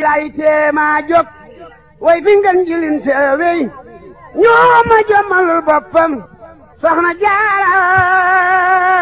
lay teema jóg way fi ngeen jilin seewey ñoo ma jommalul boppam soxna jaara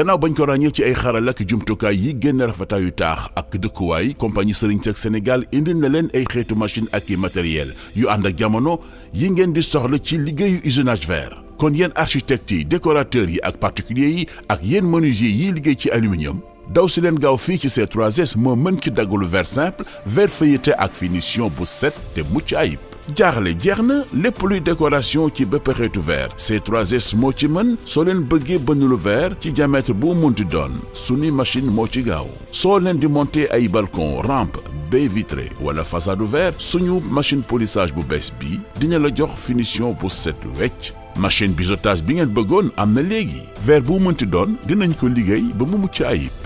gannaaw bañ ko ràññee ci ay xaral ak jumtukaay yi génn rafetaayu taax ak dëkkuwaay compagnie Serigne Seck Sénégal indil na leen ay xeetu machine ak i matériel yu ànd ak jamono yi ngeen di soxla ci liggéeyu usinage vert. kon yéen architecte yi décorateur yi ak particulier yi ak yéen menuisier yi liggéey ci aluminium daw si leen gaaw fii ci ces 3S moo mën ci daggalu verre simple verre feuilleté ak finition bu set te mucc ayib jaaxle jeex na lépp luy décoration ci bépp xeetu ver ces 3S moo ci mën soo leen bëggee bañu lu ver ci diamètre bu munti doon suñu machine moo ci gaaw soo leen di monter ay balcon rampe baie vitrée wala façade verre suñu machine polissage bu bees bi dina la jox finition bu set wecc machine biseautage bi ngeen bëggoon am na léegi verre bu munti doon dinañ ko liggéey ba mu mucc ayib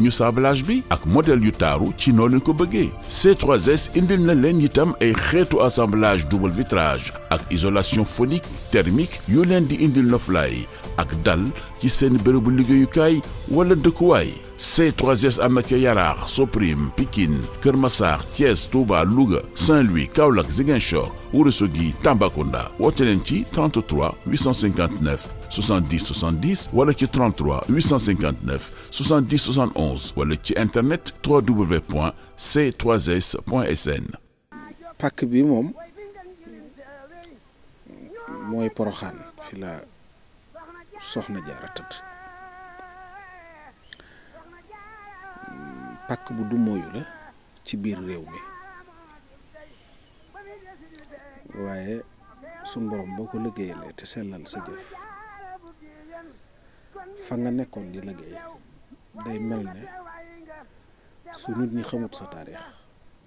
ñu sablage bi ak modèle yu taaru ci noolu noonu ko bëggee c 3 indil na leen itam ay xeetu assemblage double vitrage ak isolation phonique thermique yu leen di indil noflaay ak dal ci seen bërëbu liggéeyukaay wala dëkkuwaay C3S am na ca Yaraax Soprim Pikine Kër Massar Thiès Touba Louga Saint-Louis Kaolack Ziguinchor Ourossogui Tambacounda woote leen ci 33 859 70 70 wala ci 33 859 70 71 wala ci internet www.c3s.sn. pàkk bi moom mooy Porokhane fi la soxna jaara tëdd hmm, pàkk bu du mooyu la ci biir réew mi. waaye suñ borom boo ko liggéeyalee te sellal sa jëf fa nga nekkoon di liggéey day mel ne su nit ñi xamut sa taarix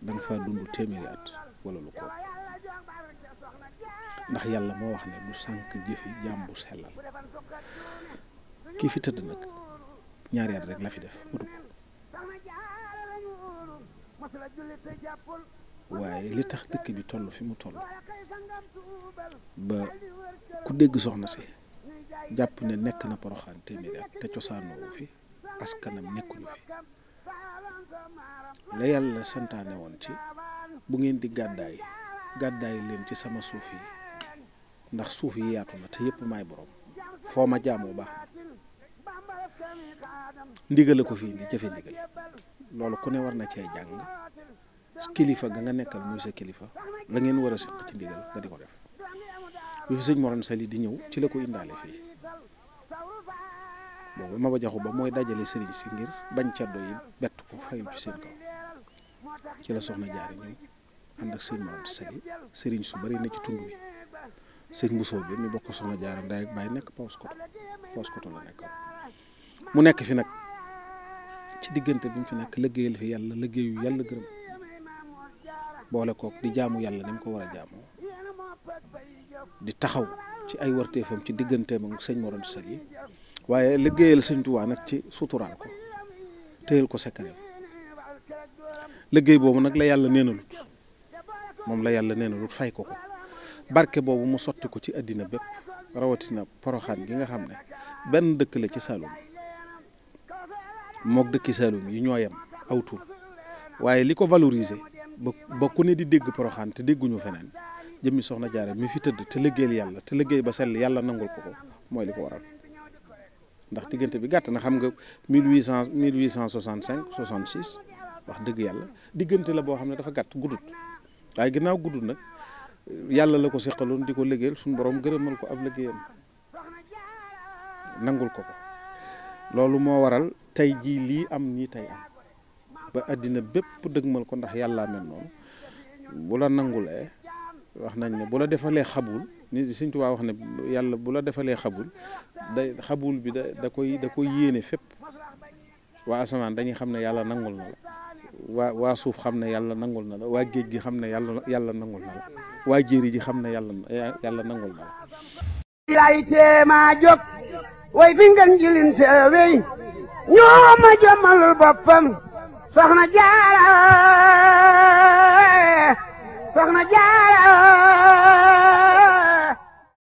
danga fa dund téeméeri at wala lu ko ndax yàlla moo wax ne du sànq jëfi jaam bu sellal kii fi tëdd nag ñaari at rek la fi def matu waaye li tax dëkk bi toll fi mu toll ba ku dégg soxna si jàpp ne nekk na poroxante téeméeri at te cosaanoo fi askanam nekkuñu fi la yàlla santaane woon ci bu ngeen di gàddaay gàddaay leen ci sama suuf yi ndax suuf yi yaatu na te yépp may borom foo ma jaamoo baax na ndigal ko fi indi jëfe ndigal loolu ku ne war na cee jàng kilifa ga nga nekkal muy sa kilifa la ngeen war a seq ci ndigal nga di ko def bi fi sëñ Moroon Sali di ñëw ci la ko indaale fii boobu Maba Jaxu Ba mooy dajale sëriñ si ngir bañ caddo yi bett ko fayu ci seen kaw ci la soxna jaari ñëw ànd ak sëñ Moroon Sali sëriñ su bari na ci tund wi sëñ Bousso bi mi bokk soxna jaara ndaay ak baay nekk Paos Koto Paos Koto la nekk mu nekk fi nag ci diggante bi mu fi nekk liggéeyal fi yàlla liggéeyu yàlla gërëm boole kook di jaamu yàlla ni mu ko war a jaamoo di taxaw ci ay warteefam ci digganteem ak sëñ Mor Anta Sali waaye liggéeyal sëñ Tuubaa nag ci suturaal ko téyal ko sekkanam liggéey boobu nag la yàlla neenalut moom la yàlla neenalut fay ko ko barke boobu mu sotti ko ci àddina bépp rawatina poroxaan gi nga xam ne benn dëkk la ci Saloum mook dëkki Saloum yi ñoo yem aw waaye li ko valoriser ba ba ku ne di dégg poroxaan te dégguñu feneen jëmmi soxna jaare mi fi tëdd te liggéeyal yàlla te liggéey ba sell yàlla nangul ko ko mooy li ko waral ndax diggante bi gàtt na xam nga 1800 1865 66 wax dëgg yàlla diggante la boo xam ne dafa gàtt guddut waaye ginnaaw guddut nag yàlla la ko seqaloon di ko liggéeyal suñu borom gërëmal ko ab liggéeyam nangul ko ko loolu moo waral tey jii lii am nii tey am. ba àddina bépp dëgmal ko ndax yàllaa mel noonu bu la nangulee wax nañ ne bu la defalee xabul ni Sëñ Tuubaa wax ne yàlla bu la defalee xabul day xabul bi da da koy da koy yéene fépp waa asamaan dañuy xam ne yàlla nangul na la waa suuf xam ne yàlla nangul na la waa géej gi xam ne yàlla yàlla nangul na la waa jéeri ji xam ne yàlla yàlla nangul na la lay teemaa jóg way fi ngeen jilin seewey ñoo ma jëmal boppam soxna jaara soxna jaara